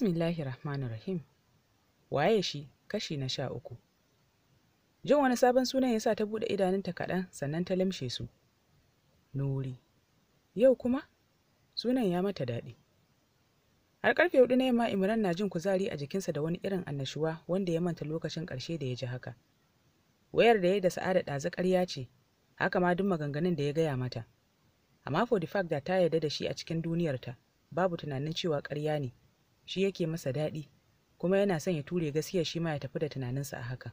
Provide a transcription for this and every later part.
Bismillahi Rahmanu Rahim. Waye shi kashi na sha uku. Jin wani sabon sunan ya sa ta buɗe idanunta kaɗan sannan ta lamshe su. Nuri. Yau kuma? Sunan ya mata daɗi. Har ƙarfe hudu na yamma Imran na jin kuzari a jikinsa da wani irin annashuwa wanda ya manta lokacin ƙarshe da ya ji haka. Wayar da ya da sa'ada ɗazu ƙarya ce, haka ma duk maganganun da ya gaya mata. Amma for the fact da ta yarda da shi a cikin duniyarta, babu tunanin cewa ƙarya ne. shi yake masa daɗi kuma yana son ya ture gaskiyar shi ma ya tafi da tunaninsa a hakan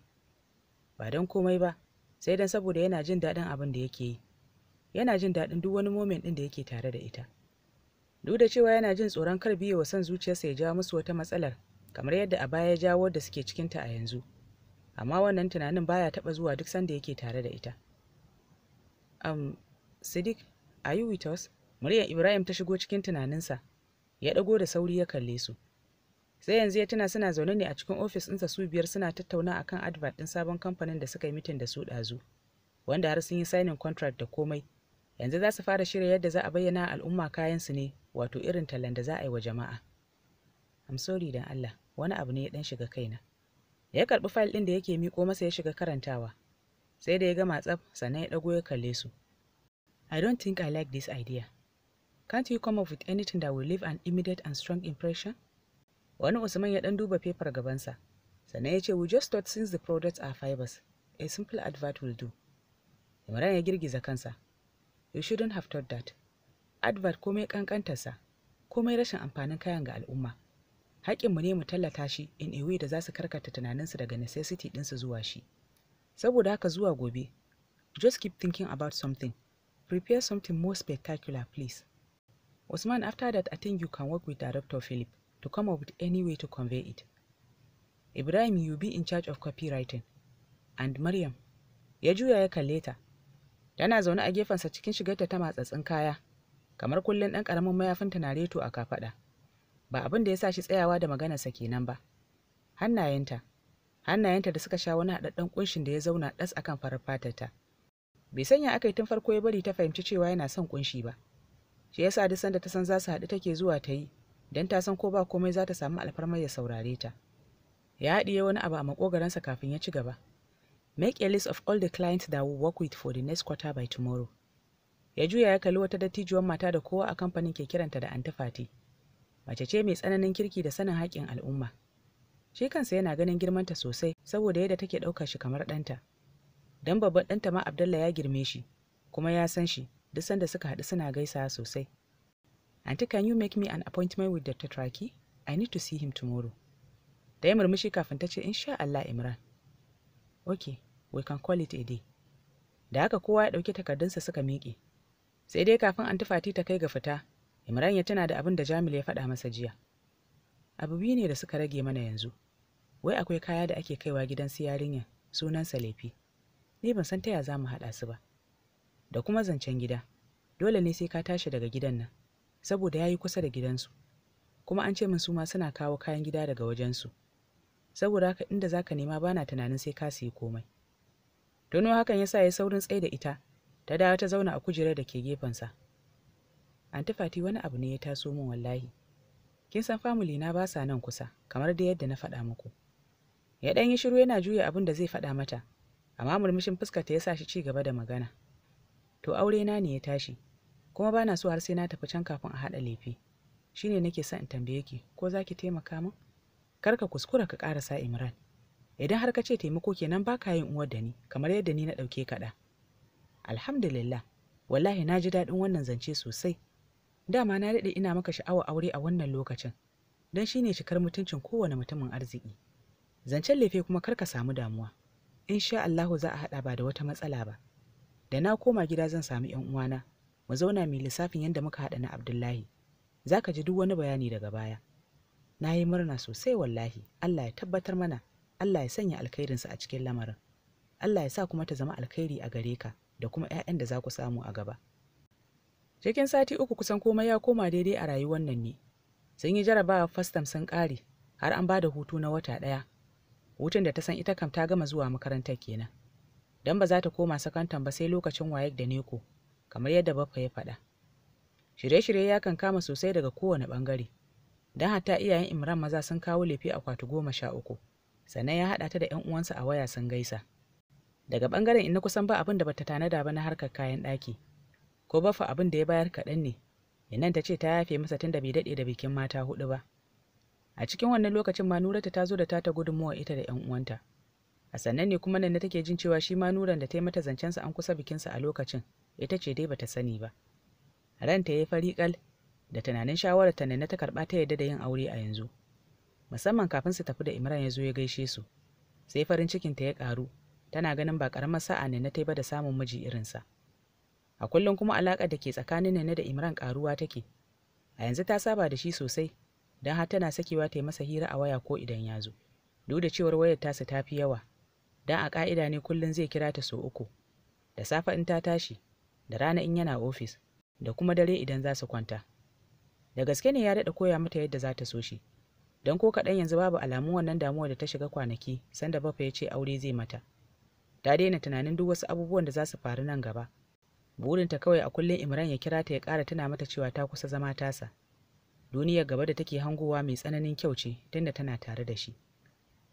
ba don komai ba sai don saboda yana jin daɗin abin da yake yi yana jin daɗin duk wani momen ɗin da yake tare da ita duk da cewa yana jin tsoron kar biye wa son zuciyarsa ya jawo musu wata matsalar kamar yadda a baya ya jawo da suke cikinta a yanzu amma wannan tunanin baya taɓa zuwa duk sanda yake tare da ita um, sidik are you with us? Muryar Ibrahim ta shigo cikin tunaninsa, ya ɗago da sauri ya kalle su. sai yanzu ya tuna suna zaune ne a cikin ofis ɗinsa su biyar suna tattauna kan advert ɗin sabon kamfanin da suka yi mitin da su ɗazu wanda har sun yi sainin contract da komai yanzu za su fara shirya yadda za a bayyana al'umma kayan su ne wato irin tallan da za a yi wa jama'a am sorry dan Allah wani abu ne ya dan shiga kaina ya karbi fayil ɗin da yake miko masa ya shiga karantawa sai da ya gama tsaf sannan ya ɗago ya kalle su I don't think I like this idea. Can't you come up with anything that will leave an immediate and strong impression? wani usman ya ɗan duba fefar gabansa sannan ya ce we just thought since the products are fibers a simple advert will do imran ya girgiza kansa you shouldn't have thought that advert komai ƙanƙantarsa. komai rashin amfanin kayan ga al'umma haƙƙinmu ne mu tallata shi in a way da za su karkata tunaninsu daga necessity ɗinsu zuwa shi saboda haka zuwa gobe just keep thinking about something prepare something more spectacular please usman after that i think you can work with director philip to come up with any way to convey it. Ibrahim, you be in charge of copywriting. And Maryam, ya juya ya kalle ta. Tana zaune a gefen sa cikin shigarta ta matsatsin kaya, kamar kullum ɗan ƙaramin mayafinta na reto a kafaɗa. Ba abin da ya sa shi tsayawa da maganarsa kenan ba. Hannayenta, hannayenta da suka sha wani haɗaɗɗen ƙunshin da ya zauna ɗas akan farar fatarta. Bai sanya aka yi tun farko ya bari ta fahimci cewa yana son ƙunshi ba. Shi yasa duk sanda ta san za su haɗu take zuwa ta yi, don ta san ko ba komai za ta samu alfarmar ya saurare ta ya haɗiye wani abu a makogaransa kafin ya ci gaba make a list of all the clients that will work with for the next quarter by tomorrow ya juya ya kalli wata dattijuwar mata da kowa a kamfanin ke kiranta da fati mace ce mai tsananin kirki da sanin haƙƙin al'umma shi kansa yana ganin girmanta sosai saboda yadda take ɗauka shi kamar ɗanta dan babban ɗanta ma abdallah ya girme shi kuma ya san shi duk sanda suka haɗu suna gaisawa sosai Auntie, can you make me an appointment with Dr. Traki? I need to see him tomorrow. Da ya murmushi kafin ta ce, Insha Allah Imran. Okay, we can call it a day. Da haka kowa ya ɗauki takardunsa suka miƙe. Sai dai kafin an tufati ta kai ga fita, Imran ya tana da abin da Jamil ya faɗa masa jiya. Abu biyu ne da suka rage mana yanzu. Wai akwai kaya da ake kaiwa gidan su yarinya, sunansa laifi. Ni ban san ta ya za mu haɗa su ba. Da kuma zancen gida, dole ne sai ka tashi daga gidan nan. saboda ya yi kusa da gidansu kuma an ce min su ma suna kawo kayan gida daga wajensu saboda haka inda za ka nema bana tunanin sai ka siyi komai tuno hakan ya sa ya saurin tsaye da ita ta dawo ta zauna a kujerar da ke gefensa anti fati wani abu ne ya taso min wallahi kin san famili na ba sa nan kusa kamar da yadda na faɗa muku ya ɗan yi shiru yana juya abin da zai faɗa mata amma murmushin fuskarta ya sa shi ci gaba da magana to aure na ne ya tashi kuma bana so har sai na tafi can kafin a haɗa lefe shine nake son in tambaye ki ko zaki taimaka min kar ka kuskura ka sa imran idan har ka ce taimako kenan baka yin uwar da ni kamar yadda ni na ɗauke ka da alhamdulillah wallahi na ji daɗin wannan zance sosai dama na daɗe ina maka sha'awa aure a wannan lokacin don shine cikar mutuncin kowane mutumin arziki zancen lefe kuma kar ka samu damuwa insha Allahu za a haɗa ba da wata matsala ba da na koma gida zan samu 'yan uwana mu zauna mai lissafin yadda muka haɗa na abdullahi za ka ji duk wani bayani daga baya na yi murna sosai wallahi allah ya tabbatar mana allah ya sanya alkhairinsa a cikin lamarin allah ya sa kuma ta zama alkhairi a gare ka da kuma 'ya'yan da za ku samu a gaba cikin sati uku kusan komai ya koma daidai a rayuwar nan ne sun yi jarabawa fastam sun ƙare har an ba da hutu na wata ɗaya hutun da ta san ita kam ta gama zuwa makarantar kenan don ba za ta koma sakantan ba sai lokacin wayek da neko kamar yadda baffa ya faɗa shirye-shirye ya kan kama sosai daga kowane ɓangare don hatta iyayen imran maza sun kawo lefe akwati goma sha uku sannan ya haɗa ta da 'yan uwansa a waya sun gaisa daga ɓangaren ina kusan ba abin da bata tanada ba na harkar kayan ɗaki ko bafa abin da ya bayar kaɗan ne inan ta ce ta yafe masa tun da bai daɗe da bikin mata huɗu ba a cikin wannan lokacin ma nurata ta zo da tata gudunmuwa ita da 'yan uwanta a sannan ne kuma nan take jin cewa shi ma nuran da ta yi mata zancensa an kusa bikinsa a lokacin ita ce dai bata sani ba ranta ya yi fariƙal da tunanin shawararta ta ta karɓa ta yadda da yin aure a yanzu musamman kafin su tafi da imran ya zo ya gaishe su sai farin cikin ta ya ƙaru tana ganin ba ƙaramar sa'a ne na ta da samun miji irinsa a kullum kuma alaƙar da ke tsakanin Nana da imran ƙaruwa take a yanzu ta saba da shi sosai don har tana sakewa ta yi masa hira a waya ko idan ya zo duk da cewar wayar ta su tafi yawa don a ƙa'ida ne kullum zai kira ta sau uku da safe in ta tashi da rana in yana ofis da kuma dare idan za su kwanta da gaske ne ya daɗa koya mata yadda za ta so shi don ko kaɗan yanzu babu alamun wannan damuwa da ta shiga kwanaki sanda bafa ya ce aure zai mata ta daina tunanin duk wasu abubuwan da za su faru nan gaba burinta kawai a kullum imran ya kira ta ya ƙara tana mata cewa ta kusa zama tasa duniyar gaba da take hangowa mai tsananin kyau ce tunda tana tare da shi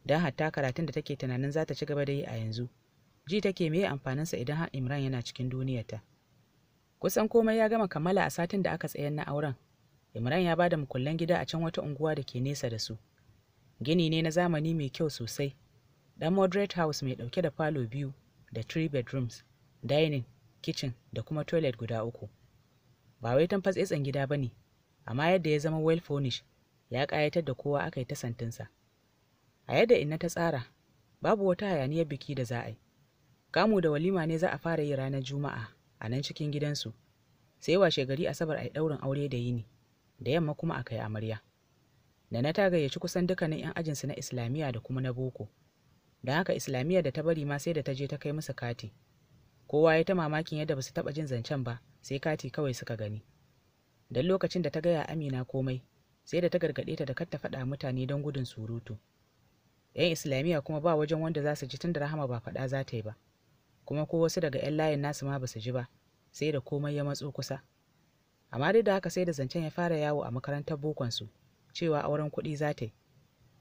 don hatta karatun da take tunanin za ta ci gaba da yi a yanzu ji take me amfaninsa idan har imran yana cikin duniyarta kusan komai ya gama kammala a satin da aka tsayar na auren imran ya bada mukullan gida a can wata unguwa da ke nesa da su gini ne na zamani mai kyau sosai dan moderate house mai dauke da falo biyu da three bedrooms dining kitchen da kuma toilet guda uku ba wai tan fatsetsen gida bane amma yadda ya zama well furnished ya ƙayatar da kowa aka yi ta santinsa. a yadda inna ta tsara babu wata hayaniyar biki da za a yi kamu da walima ne za a fara yi ranar juma'a a nan cikin gidansu sai washe gari asabar a yi ɗaurin aure da yini da yamma kuma a kai amarya nana ta gayyaci kusan dukkanin 'yan ajinsu na islamiyya da kuma na boko don haka islamiyya da ta bari ma sai da ta je ta kai musu kati kowa ya ta mamakin yadda ba su taɓa jin zancen ba sai kati kawai suka gani don lokacin da ta gaya amina komai sai da ta gargaɗe ta da kar ta faɗa mutane don gudun surutu 'yan islamiyya kuma ba wajen wanda za su ji tun da rahama ba faɗa za ta yi ba kuma ko wasu daga 'yan layin nasu ma ba su ji ba sai da komai ya matso kusa amma duk da haka sai da zancen ya fara yawo a makarantar bokonsu cewa auren kuɗi za ta yi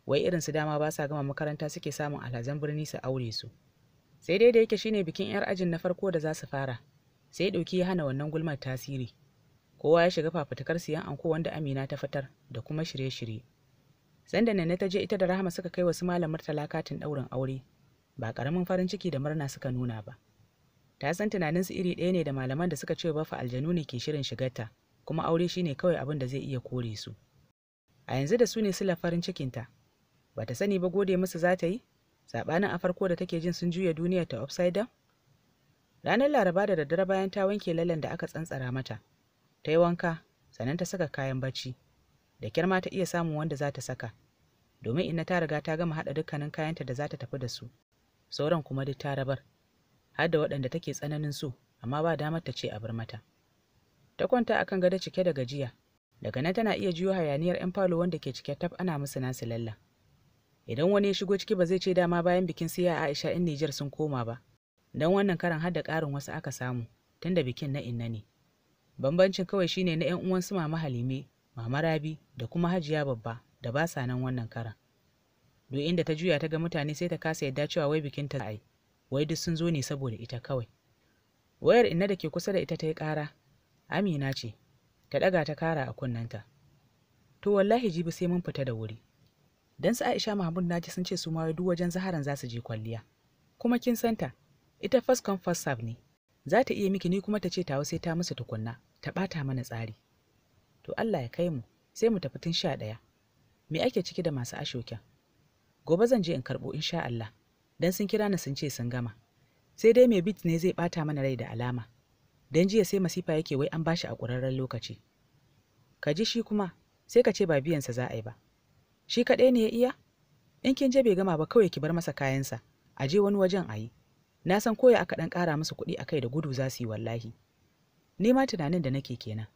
wai irin su dama ba sa gama makaranta suke samun alhazan birni su aure su sai dai da yake shine bikin 'yar ajin na farko da za su fara sai ɗauki ya hana wannan gulmar tasiri kowa ya shiga fafutukar siyan anko wanda amina ta fitar da kuma shirye-shirye sanda nana ta je ita da rahama suka kai wasu malam murtala ɗaurin aure ba ƙaramin farin ciki da murna suka nuna ba ta san tunanin su iri ɗaya ne da malaman da suka ce bafa aljanu ne ke shirin shigarta kuma aure shine kawai abin da zai iya kore su a yanzu da su ne sila farin cikinta ba ta sani ba gode musu za ta yi saɓanin a farko da take jin sun juya duniya ta upside down ranar laraba da daddare bayan ta wanke lalan da aka tsantsara mata ta yi wanka sannan ta saka kayan bacci da kyar ma ta iya samun wanda za ta saka domin ina ta riga ta gama haɗa dukkanin kayanta da za ta tafi da su sauran kuma duk ta rabar har da waɗanda take tsananin so amma ba damar ta ce a bar mata ta kwanta akan gado cike da gajiya daga nan tana iya jiyo hayaniyar 'yan falo wanda ke cike tab ana musu nasu lalla idan wani ya shigo ciki ba zai ce dama bayan bikin siya aisha in nijar sun koma ba don wannan karan har da ƙarin wasu aka samu tunda bikin na inna ne bambancin kawai shine na 'yan uwan su mama halime mama rabi da kuma hajiya babba da ba sa nan wannan karan duk inda ta juya ta ga mutane sai ta kasa yadda cewa wai bikin ta ai wai duk sun zo ne saboda ita kawai wayar inna da ke kusa da ita ta yi ƙara amina ce ta ɗaga ta kara a kunnanta to wallahi jibi sai mun fita da wuri dan su aisha mahmud naji sun ce su ma duk wajen zaharan za su je kwalliya kuma kin santa ita first come first serve ne za ta iya miki ni kuma ta ce tawa sai ta musu tukunna ta ɓata mana tsari to Allah ya kai mu sai mu tafi tun sha ɗaya me ake ciki da masu ashokin? gobe zan je in karɓo insha Allah dan sun kira ni sun ce sun gama sai dai mai bit ne zai ɓata mana rai da alama dan jiya sai masifa yake wai an bashi a ƙurarren lokaci ka ji shi kuma sai ka ce ba biyansa za a yi ba shi kaɗai ne ya iya in kin je bai gama ba kawai ki bar masa kayansa a je wani wajen a yi na san koya aka ɗan ƙara musu kuɗi a kai da gudu za su yi wallahi ni ma tunanin da nake kenan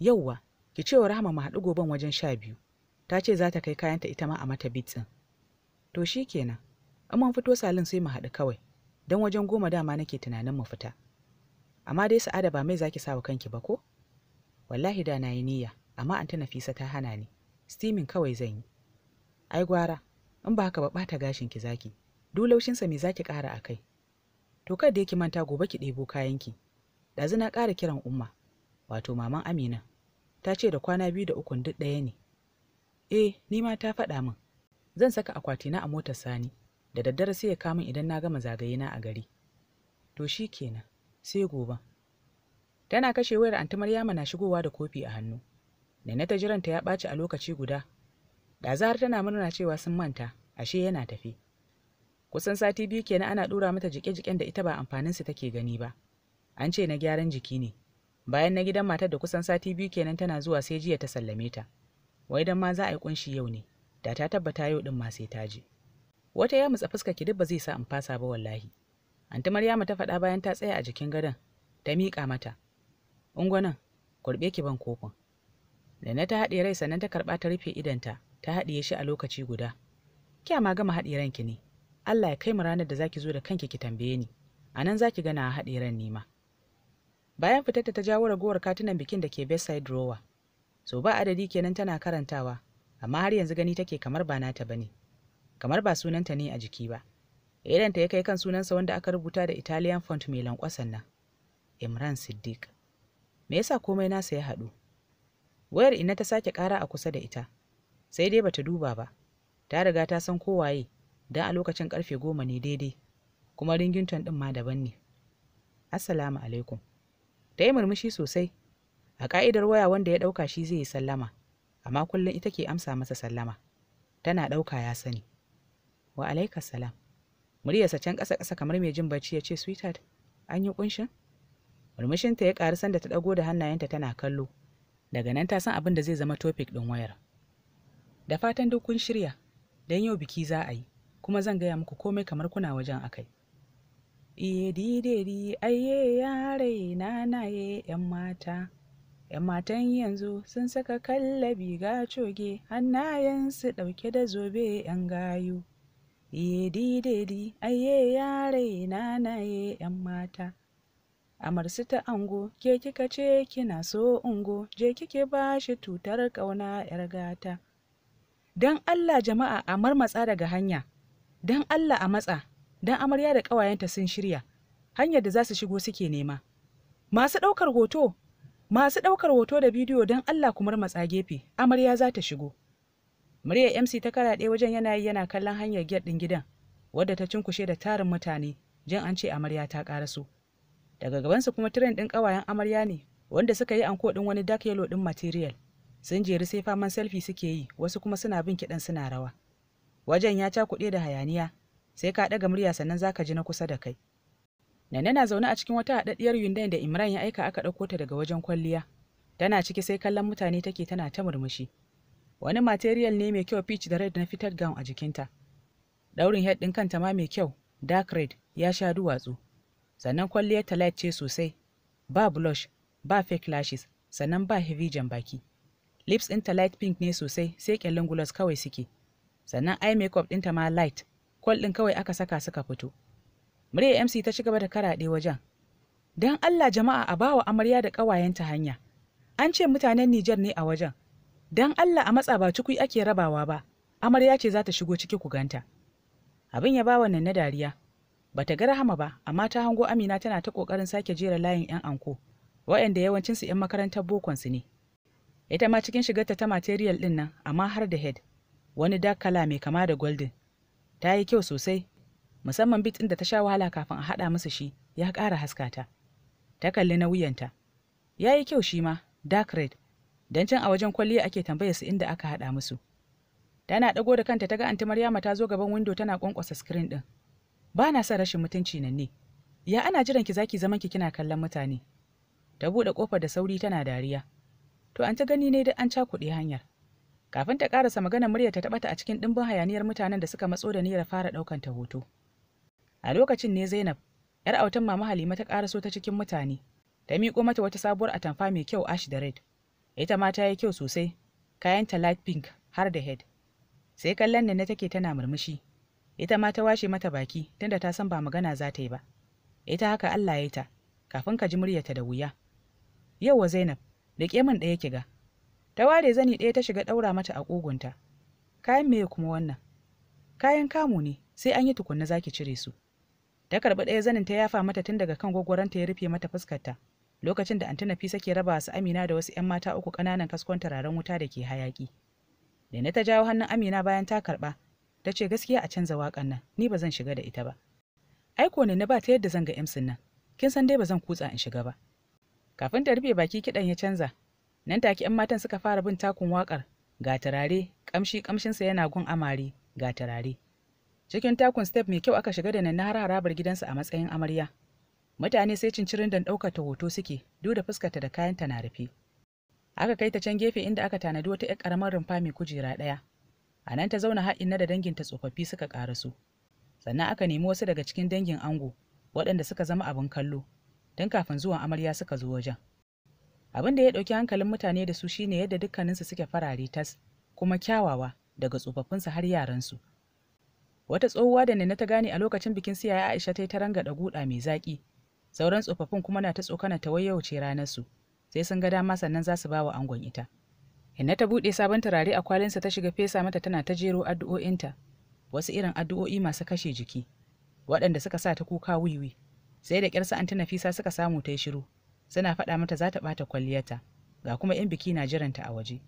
yauwa ki cewa wa rahama mu haɗu goben wajen sha biyu ta ce za ta kai kayanta ita ma a mata bit ɗin to shi kenan in mun fito salin sai mu haɗu kawai don wajen goma dama nake tunanin mu fita amma dai sa'ada ba mai zaki sa wa kanki ba ko wallahi da na yi niyya amma anta nafisa ta hana ni steaming kawai zan yi ai gwara in ba haka ba ɓata gashin ki zaki duk laushinsa me zaki ƙara a kai to kada yake manta gobe ki ɗebo kayanki Dazu na ƙara kiran umma wato maman amina ta ce da kwana biyu da ukun duk ɗaya ne eh ni ma ta faɗa min zan saka akwatina a motar sani da daddare sai ya kamun idan na gama zagayena a gari to shi kenan sai gobe tana kashe wayar anti maryama na shigowa da kofi a hannu nana ta jiranta ya ɓaci a lokaci guda da zahar tana murna cewa sun manta ashe yana tafi kusan sati biyu kenan ana ɗora mata jike-jiken da ita ba amfaninsu take gani ba an ce na gyaran jiki ne bayan na gidan matar da kusan sati biyu kenan tana zuwa sai jiya ta sallame ta wai dan ma za a yi kunshi yau ne da ta tabbata yau din ma sai ta je wata ya mutsa fuska ki duk ba zai sa in fasa ba wallahi anti maryama ta faɗa bayan ta tsaya a jikin gadon ta miƙa mata ungwanan kurɓe ki ban kofin da na ta haɗe rai sannan ta karɓa ta rufe idanta ta haɗiye shi a lokaci guda kya ma gama haɗe ranki ne Allah ya kai mu ranar da zaki zo da kanki ki tambaye ni anan zaki gana a haɗe ran nima bayan fitar ta jawo ragowar katunan bikin da ke bedside drawer so ba adadi kenan tana karantawa amma har yanzu gani take kamar ba nata bane kamar ba sunanta ne a jiki ba idanta ya kai kan sunansa wanda aka rubuta da italian font mai lankwasan nan imran siddiq me yasa komai nasa ya haɗu wayar ina ta sake ƙara a kusa da ita sai dai bata duba ba ta riga ta san kowaye dan a lokacin karfe goma ne daidai kuma ringinton ɗin ma daban ne assalamu alaikum ta yi murmushi sosai a ka'idar waya wanda ya ɗauka shi zai yi sallama amma kullum ita ke amsa masa sallama tana ɗauka ya sani wa alaikas salam muryarsa can ƙasa ƙasa kamar mai jin bacci ya ce sweetheart an yi ƙunshin murmushinta ya ƙari sanda ta ɗago da hannayenta tana kallo daga nan ta san abin da zai zama topic ɗin wayar da fatan duk kun shirya don yau biki za a yi kuma zan gaya muku komai kamar kuna wajen akai Iri deri aiye yarai naye yan mata. ‘Yan matan yanzu sun saka kallabi ga coge hannayensu ɗauke da zobe ‘yan gayu. Iri deri aiye yarai naye ‘yan mata. Amarsu ta ango ke kika ce kina so ungo je kike ba shi tutar ƙauna ‘yar gata. Don Allah jama'a a marmatsa daga hanya, don Allah a matsa. don amarya da ƙawayenta sun shirya hanyar da za su shigo suke nema masu ɗaukar hoto masu ɗaukar hoto da bidiyo don allah kumar matsa gefe amarya za ta shigo murya mc ta kara ɗaya wajen yana yi yana kallon hanyar gate ɗin gidan wadda ta cinkushe da tarin mutane jan an ce amarya ta ƙaraso daga gabansu kuma tiren ɗin ƙawayen amarya ne wanda suka yi anko ɗin wani dark yellow ɗin material sun jeri sai faman selfie suke yi wasu kuma suna bin kiɗan suna rawa wajen ya cakuɗe da hayaniya sai ka ɗaga murya sannan za ka ji na kusa da kai Nana na zaune a cikin wata haɗaɗɗiyar Hyundai da Imran ya aika aka ɗauko ta daga wajen kwalliya. Tana ciki sai kallon mutane take tana ta murmushi. Wani material ne mai kyau peach da red na fitar gown a jikinta. Daurin head ɗin kanta ma mai kyau, dark red, ya sha duwatsu. Sannan kwalliyar ta light ce sosai. Ba blush, ba fake lashes, sannan ba heavy jan baki. Lips ɗinta light pink ne sosai, sai ƙyallin gloss kawai suke. Sannan eye makeup ɗinta ma light, kwal ɗin kawai aka saka suka fito murya mc ta ci gaba da karaɗe wajen don allah jama'a a bawa amarya da ƙawayenta hanya an ce mutanen nijar ne a wajen don allah a matsa ba cikui ake rabawa ba amarya ce za ta shigo ciki ku ganta abin ya bawa nan na dariya bata ga rahama ba amma ta hango amina tana ta ƙoƙarin sake jera layin yan anko waɗanda yawancinsu yan makarantar bokon su ne ita ma cikin shigarta ta material ɗinnan, nan amma har da head wani dakala mai kama da golden ta yi kyau sosai musamman bit ɗin da ta sha wahala kafin a haɗa musu shi ya ƙara haskata ta kalli na wuyanta ya yi kyau shi ma dark red don can a wajen kwalliya ake tambaya su inda aka haɗa musu tana ɗago da kanta ta ga anti maryama ta zo gaban windo tana ƙwanƙwasa screen ɗin ba na son rashin mutunci nan ne ya ana jiran ki zaki zaman ki kina kallon mutane ta buɗe ƙofar da sauri tana dariya to an ta gani ne duk an cakuɗe hanyar kafin ta karasa magana murya ta taɓata a cikin ɗimbin hayaniyar mutanen da suka matso da niyyar fara ɗaukan ta hoto a lokacin ne zainab yar autan mama halima ta karaso ta cikin mutane ta miƙo mata wata sabuwar atamfa mai kyau ash da red ita ma ta yi kyau sosai kayanta light pink har da head sai kallon nan take tana murmushi ita ma ta washe mata baki tunda ta san ba magana za ta yi ba ita haka Allah ya yi ta kafin ka ji muryarta da wuya yauwa Zainab da min ɗaya ki ga ta ware zani ɗaya ta shiga ɗaura mata a ƙugunta kayan meye kuma wannan kayan kamu ne sai an yi tukunna zaki cire su ta karɓi ɗaya zanin ta yafa mata tun daga kan gwagwaranta ya rufe mata fuskarta lokacin da antuna fisa ke raba su amina da wasu 'yan mata uku ƙananan kaskon turaren wuta da ke hayaƙi da ta jawo hannun amina bayan ta karɓa ta ce gaskiya a canza waƙan nan ni ba zan shiga da ita ba aiko ne na ba ta yadda zan ga emsin nan kin san dai ba zan kutsa in shiga ba kafin ta rufe baki kiɗan ya canza nan take 'yan matan suka fara bin takun wakar ga turare ƙamshi ƙamshinsa yana gun amare ga turare cikin takun step mai kyau aka shiga da nan na har harabar gidansa a matsayin amarya mutane sai cincirin dan ɗaukar ta hoto suke duk da fuskarta da kayanta na rufe aka kai ta can gefe inda aka tanadi wata 'yar karamar rumfa mai kujera ɗaya a nan ta zauna haɗin na da danginta tsofaffi suka ƙarasu sannan aka nemi wasu daga cikin dangin ango waɗanda suka zama abin kallo don kafin zuwan amarya suka zo wajen abin da ya ɗauki hankalin mutane da su shine yadda dukkaninsu suke farare tas kuma kyawawa daga tsofaffinsu har yaransu wata tsohuwa da nina ta gane a lokacin bikin siya ya aisha ta yi ta ranga da mai zaƙi sauran tsofaffin kuma na ta tsokana ta wayyauce su, sai sun ga dama sannan za su ba wa angon ita inna ta buɗe sabon turare a kwalinsa ta shiga fesa mata tana ta jero addu'o'inta wasu irin addu'o'i masu kashe jiki waɗanda suka sa ta kuka wiwi sai da ƙyarsa an nafisa suka samu ta yi shiru suna faɗa mata za ta ɓata kwalliyarta ga kuma 'yan biki na jiranta a waje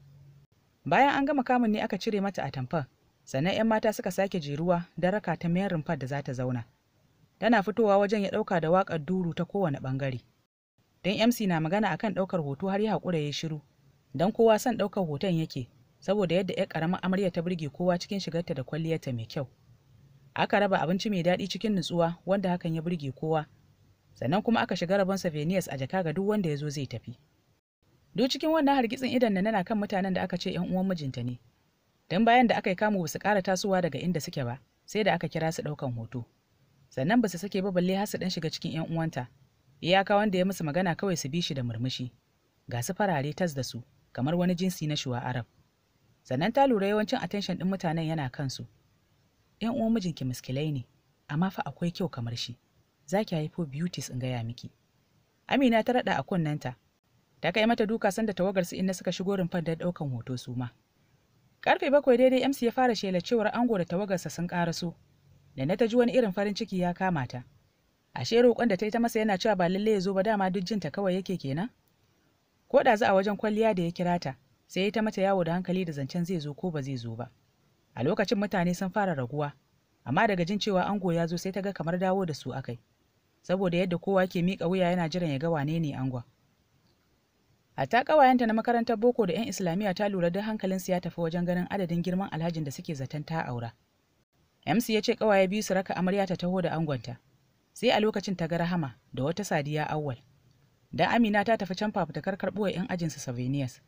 bayan an gama kamun ne aka cire mata tamfar sannan 'yan mata suka sake jeruwa don raka ta mayan rumfar da za ta zauna tana fitowa wajen ya ɗauka da waƙar duru ta kowane ɓangare don mc na magana akan ɗaukar hoto har ya haƙura ya shiru don kowa son ɗaukar hoton yake saboda yadda 'yar ƙaramin amarya ta burge kowa cikin shigarta da kwalliyarta mai kyau aka raba abinci mai daɗi cikin nutsuwa wanda hakan ya burge kowa sannan kuma aka shiga rabon souvenirs a jaka ga duk wanda ya zo zai tafi duk cikin wannan hargitsin idan na nana kan mutanen da aka ce yan uwan mijinta ne dan bayan da aka yi kamu su ƙara tasowa daga inda suke ba sai da aka kira su ɗaukan hoto sannan ba su sake ba balle har su ɗan shiga cikin yan uwanta iyaka wanda ya musu magana kawai su bi shi da murmushi ga su farare tas da su kamar wani jinsi na shuwa arab sannan ta lura yawancin attention ɗin mutanen yana kansu yan uwan mijinki miskilai ne amma fa akwai kyau kamar shi za ki haifo beauties in gaya miki amina ta raɗa a kunnenta ta kai mata duka sanda tawagar su inda suka shigo rumfar da ɗaukan hoto su ma karfe bakwai daidai MC ya fara shela cewar ango da tawagarsa sun karaso da na ta ji wani irin farin ciki ya kama ta ashe roƙon da ta yi ta masa yana cewa ba lalle ya zo ba dama duk jinta kawai yake kenan ko da za a wajen kwalliya da ya kira ta sai ya ta mata yawo da hankali da zancen zai zo ko ba zai zo ba a lokacin mutane sun fara raguwa amma daga jin cewa ango ya zo sai ta ga kamar dawo da su akai saboda yadda kowa ke miƙa wuya yana jiran ya ga wane ne angon hatta ƙawayenta na makarantar boko da 'yan islamiyya ta lura da hankalinsu ya tafi wajen ganin adadin girman alhajin da suke zaton ta aura mc ya ce ƙawaye biyu su raka amarya ta taho da angonta sai a lokacin ta ga rahama da wata sadiya awwal dan amina ta tafi can fafutukar karɓo 'yan ajinsu souvenirs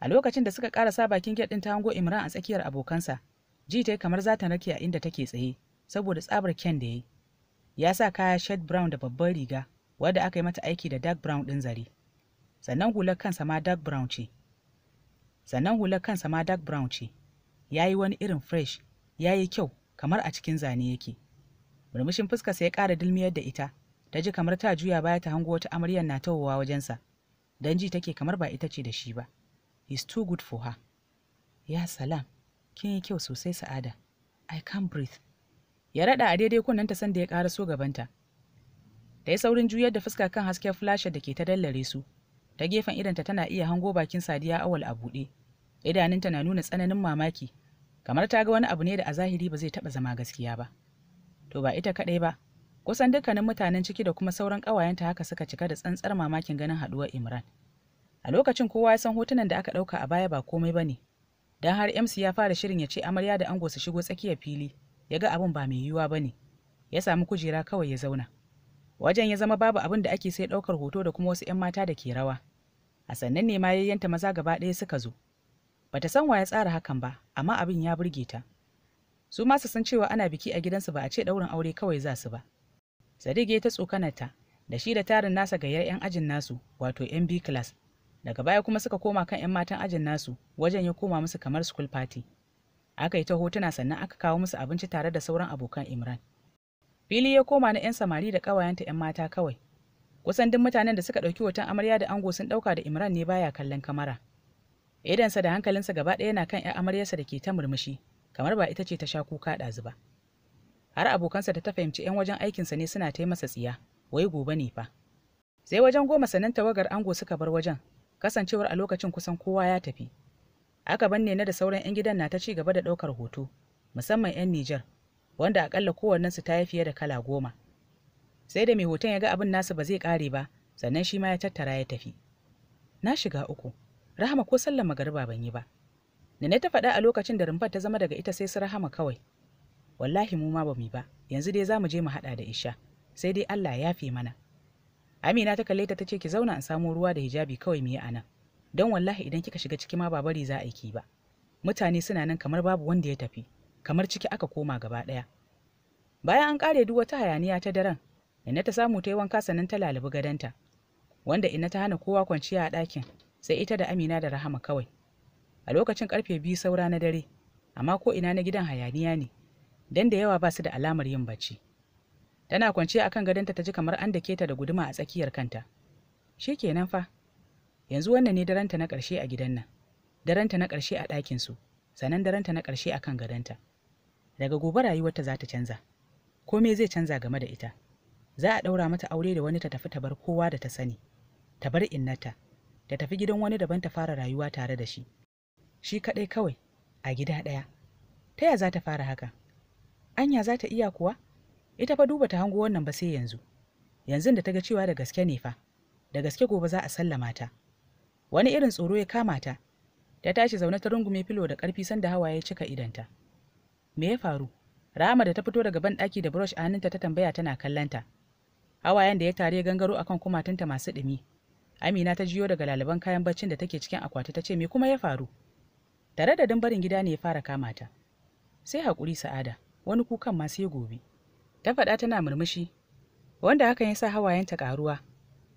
a lokacin da suka ƙarasa bakin gate ɗin ta hango imran a tsakiyar abokansa ji ta kamar za ta narke a inda take tsaye saboda tsabar kyan da ya yi ya sa kaya shade brown da babban riga wadda aka yi mata aiki da dark brown ɗin zare sannan hular kansa ma dark brown ce sannan hular kansa ma dark brown ce ya yi wani irin fresh ya yi kyau kamar a cikin zane yake murmushin fuskarsa ya ƙara dilmiyar da ita ta ji kamar ta juya baya ta hango wata amaryar na tawowa wajensa don ji take kamar ba ita ce da shi ba is too good for her ya salam kin yi kyau sosai sa'ada i can't breathe ya raɗa a daidai kunnanta sanda ya karaso gabanta ta yi saurin juyar da fuska kan hasken flasher da ke ta dallare su ta gefen idanta tana iya hango bakin sadiya awal a buɗe Idaninta na nuna tsananin mamaki kamar ta ga wani abu ne da a zahiri ba zai taɓa zama gaskiya ba to ba ita kaɗai ba kusan dukkanin mutanen ciki da kuma sauran ƙawayenta haka suka cika da tsantsar mamakin ganin haɗuwar imran a lokacin kowa ya san hotunan da aka ɗauka a baya ba komai ba ne don har MC ya fara shirin ya ce amarya da ango su shigo tsakiyar fili ya ga abin ba mai yiwuwa ba ne ya samu kujera kawai ya zauna wajen ya zama babu abin da ake sai ɗaukar hoto da kuma wasu 'yan mata da ke rawa a sannan ne ma yayyanta maza gaba ɗaya suka zo bata san wa ya tsara hakan ba amma abin ya burge ta su ma su san cewa ana biki a gidansu ba a ce ɗaurin aure kawai za su ba sadiq ya ta tsokanarta da shi da tarin nasa gayyar 'yan ajin nasu wato 'yan b class daga baya kuma suka koma kan 'yan matan ajin nasu wajen ya koma musu kamar school party aka yi ta hotuna sannan aka kawo musu abinci tare da sauran abokan imran fili ya koma na 'yan samari da ƙawayenta 'yan mata kawai kusan duk mutanen da suka ɗauki hoton amarya da ango sun ɗauka da imran ne baya kallon kamara idansa da hankalinsa gaba ɗaya na kan 'yan amaryarsa da ke ta murmushi kamar ba ita ce ta sha kuka ɗazu ba har abokansa da ta fahimci 'yan wajen aikinsa ne suna ta masa tsiya wai gobe ne fa sai wajen goma sanan tawagar ango suka bar wajen kasancewar a lokacin kusan kowa ya tafi aka banne na da sauran 'yan gidan na ta ci gaba da ɗaukar hoto musamman 'yan Nijar wanda akalla kowannensu ta yi fiye da kala goma sai da mai hoton ya ga abin nasu ba zai ƙare ba sannan shi ma ya tattara ya tafi na shiga uku rahama ko sallan magariba ban yi ba Nene ta faɗa a lokacin da rumfar ta zama daga ita sai su rahama kawai wallahi mu ma ba mu ba yanzu dai za mu je mu haɗa da isha sai dai Allah ya fi mana Amina ta kalle ta ce ki zauna in samo ruwa da hijabi kawai mu yi anan don wallahi idan kika shiga ciki ma ba bari za a yi ba mutane suna nan kamar babu wanda ya tafi kamar ciki aka koma gaba ɗaya bayan an ƙare duk wata hayaniya ta daren ina ta samu ta yi wanka sannan ta lalubi gadonta wanda ina ta hana kowa kwanciya a ɗakin sai ita da amina da rahama kawai a lokacin karfe biyu saura na dare amma ko ina na gidan hayaniya ne dan da yawa ba su da alamar yin bacci tana kwanciya akan gadonta ta ji kamar an dake ta da guduma a tsakiyar kanta shikenan fa yanzu wannan ne daranta na ƙarshe a gidan nan daranta na ƙarshe a ɗakinsu sannan daranta na ƙarshe a kan gadonta daga gobe rayuwarta za ta canza komai zai canza game da ita za a ɗaura mata aure da wani ta tafi ta bar kowa da ta sani ta bar innata ta tafi gidan wani daban ta fara rayuwa tare da shi shi kaɗai kawai a gida ɗaya ta ya za ta fara haka anya za ta iya kuwa ita fa duba ta hango wannan ba sai yanzu yanzu da ta ga cewa da gaske ne fa da gaske gobe za a sallama ta wani irin tsoro ya kama ta ta tashi zaune ta rungume filo da ƙarfi sanda hawa hawaye cika idanta me ya faru Rahama da ta fito daga banɗaki da brush a hannunta ta tambaya tana kallanta hawayen da ya tare gangaro akan kumatunta masu ɗumi amina ta jiyo daga laliban kayan baccin da take cikin akwati ta ce me kuma ya faru tare da dambarin gida ne ya fara kama ta sai Hakuri sa'ada wani kukan ma sai gobe ta faɗa tana murmushi wanda hakan ya sa hawayenta ƙaruwa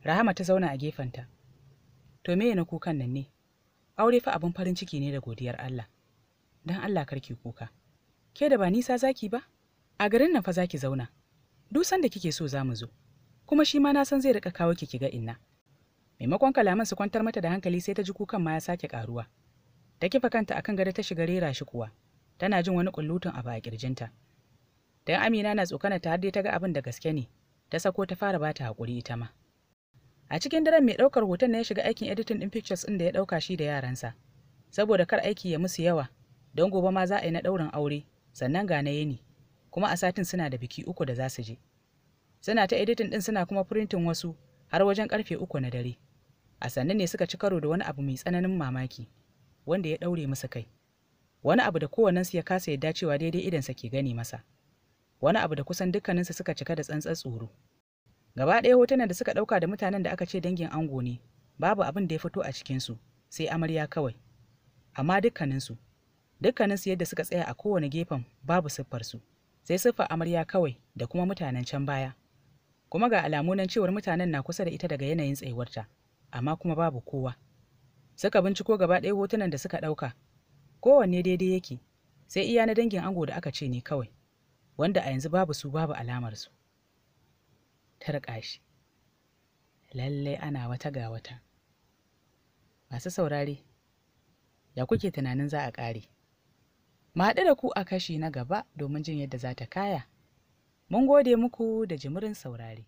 rahama ta zauna a gefenta to me na kukan nan ne aure fa abin farin ciki ne da godiyar Allah dan Allah karki kuka ke da ba nisa zaki ba a garin nan fa zaki zauna dusan da kike so za mu zo kuma shi ma na san zai rika kawo ki kiga inna maimakon kalaman su kwantar mata da hankali sai ta ji kukan ma ya sake karuwa ta kifa kanta akan gado ta shiga rera shi kuwa tana jin wani kullutun abu a kirjinta dan Amina na tsokana ta har dai ta ga abin da gaske ne ta sako ta fara bata hakuri ita ma a cikin daren mai ɗaukar hoton na ya shiga aikin editin ɗin pictures ɗin da ya dauka shi da yaransa saboda kar aiki ya musu yawa don gobe ma za a yi na ɗaurin aure sannan ga na yini kuma a satin suna da biki uku da za su je suna ta editin ɗin suna kuma printin wasu har wajen karfe uku na dare a sannan ne suka ci karo da wani abu mai tsananin mamaki wanda ya ɗaure musu kai wani abu da su ya kasa yadda cewa daidai sa ke gani masa wani abu da kusan dukkaninsu suka cika da tsantsar tsoro gaba ɗaya hotunan da suka ɗauka da mutanen da aka ce dangin ango ne babu abin da ya fito a cikinsu sai amarya kawai amma dukkaninsu dukkaninsu yadda suka tsaya a kowane gefen babu siffarsu sai siffar amarya kawai da kuma mutanen can baya kuma ga alamu nan cewar mutanen na kusa da ita daga yanayin tsayuwarta amma kuma babu kowa suka binciko gaba ɗaya hotunan da suka ɗauka kowanne daidai yake sai iya na dangin ango da aka ce ne kawai wanda a yanzu babu su babu alamarsu ta riƙa shi lallai ana wata ga wata masu saurare ya kuke tunanin za a ƙare mu haɗu da ku a kashi na gaba domin jin yadda za ta kaya mun gode muku da jimirin saurare